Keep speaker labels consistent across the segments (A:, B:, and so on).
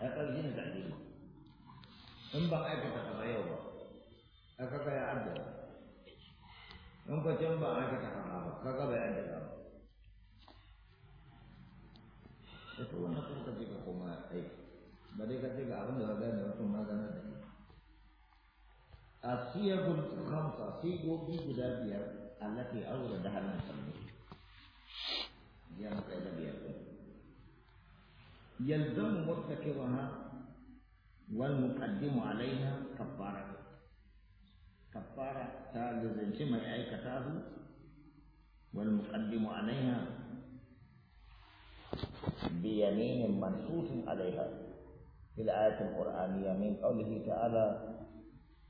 A: ya ɗauki ne da in ba aikata kaza yau ba a kaka ya addaba in ko can ba aikata kaza ba kaga bai addaba ba da to wannan kuma ka ka koma aiki ba dai ka ce ga abin da ba gane mutum ma gane da ke asiyar gudu kamsa sai gobi guda biyar allati aure da hannun sallah يلزم مرتكبها والمقدم عليها كفارة كفارة تالز كما أي كتاب والمقدم عليها بيمين منصوص عليها في الآية القرآنية من قوله تعالى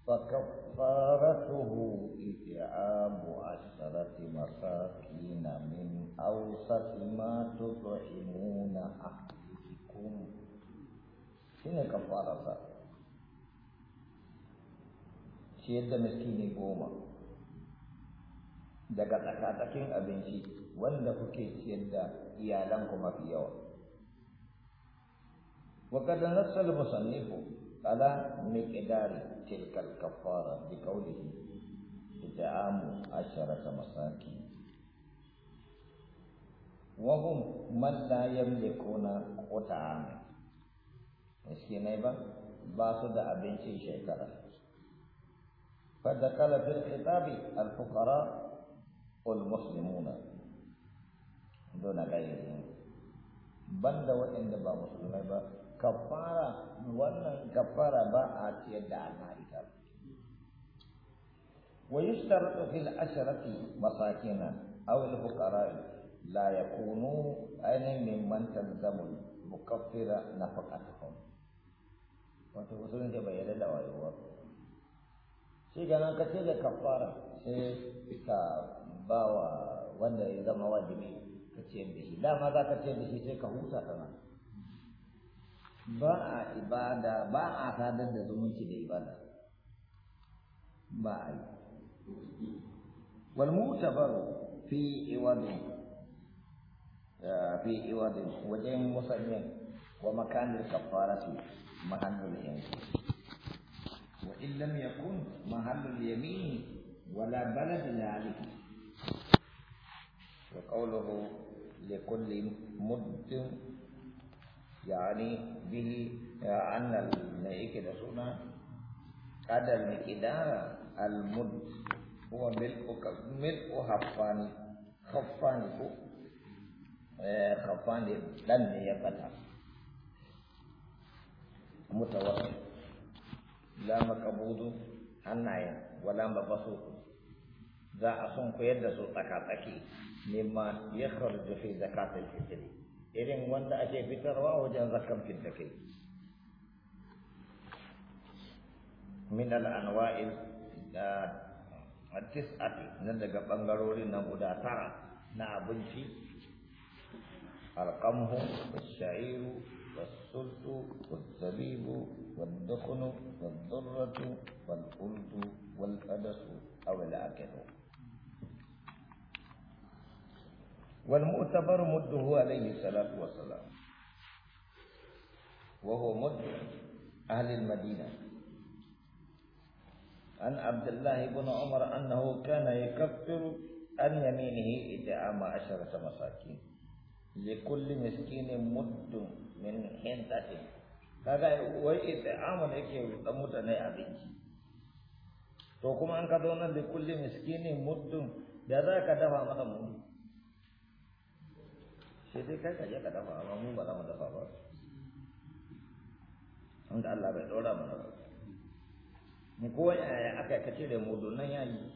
A: فكفارته إطعام عشرة مساكين من أوسط ما تطعمون أحد shine kafararsa ciyar da miskini goma daga tsakatsakin abinci wanda kuke ciyar da iyalanku mafi yawa وقد نص المصنف على مقدار تلك الكفارة بقوله إطعام عشرة مساكين وهم من لا يملكون قطعاما Iske ne ba, ba su da abincin shekara. Fadda kala fil kitabi al-fukara ul-muslimuna. Dona gairi Banda waɗanda ba musulmai ba, kafara wannan kafara ba a ciyar da al-ma'ita. Wa yi shi fil asharafi masakina, aw al-fukara la yakunu ainihin mimman tanzamul mukaffira na fakatakunan. wato da bai yarda da wayo ba shi ganan ka ce da kafara sai ka ba wa wanda ya zama wajibi ka ce da shi dama za ka ce da shi sai ka huta ta ba a ibada ba a sadar da zumunci da ibada ba a yi wal mutabaru fi iwadin eh, fi iwadin wajen musannin ومكان الكفارة محل اليمين وإن لم يكن محل اليمين ولا بلد ذلك وقوله لكل مد يعني به أن الملك سنة قد المقدار المد هو ملء ملء حفان خفان خفان لن يبلغ mutawassil la maqbudu hannayen wala mabasutu za a son koyar da su tsaka-tsaki mimma ya kharju fi zakatul fitri irin wanda ake fitarwa wajen zakan fitakai min al-anwa'il tis'ati na daga bangarorin na guda tara na abinci alqamhu wash والسلط والزبيب والدخن والضرة والقلد والأدس أو العكر والمؤتبر مده عليه الصلاة والسلام وهو مد أهل المدينة عن عبد الله بن عمر أنه كان يكفر عن يمينه إدعام عشرة مساكين likulli miskinin muddun min hintati kaga wai it'amu ne yake dan mutane abinci to kuma an ka zo nan kulli miskini muddun da za ka dafa masa mu sai dai kai ka je ka dafa amma mu ba za mu dafa ba wanda Allah bai dora mu ba ni ko yaya aka kace da mudu nan yayi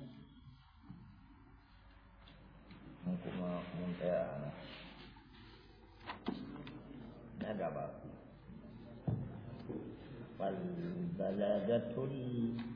A: mun kuma mun tsaya a nan ba فالبلدة العربية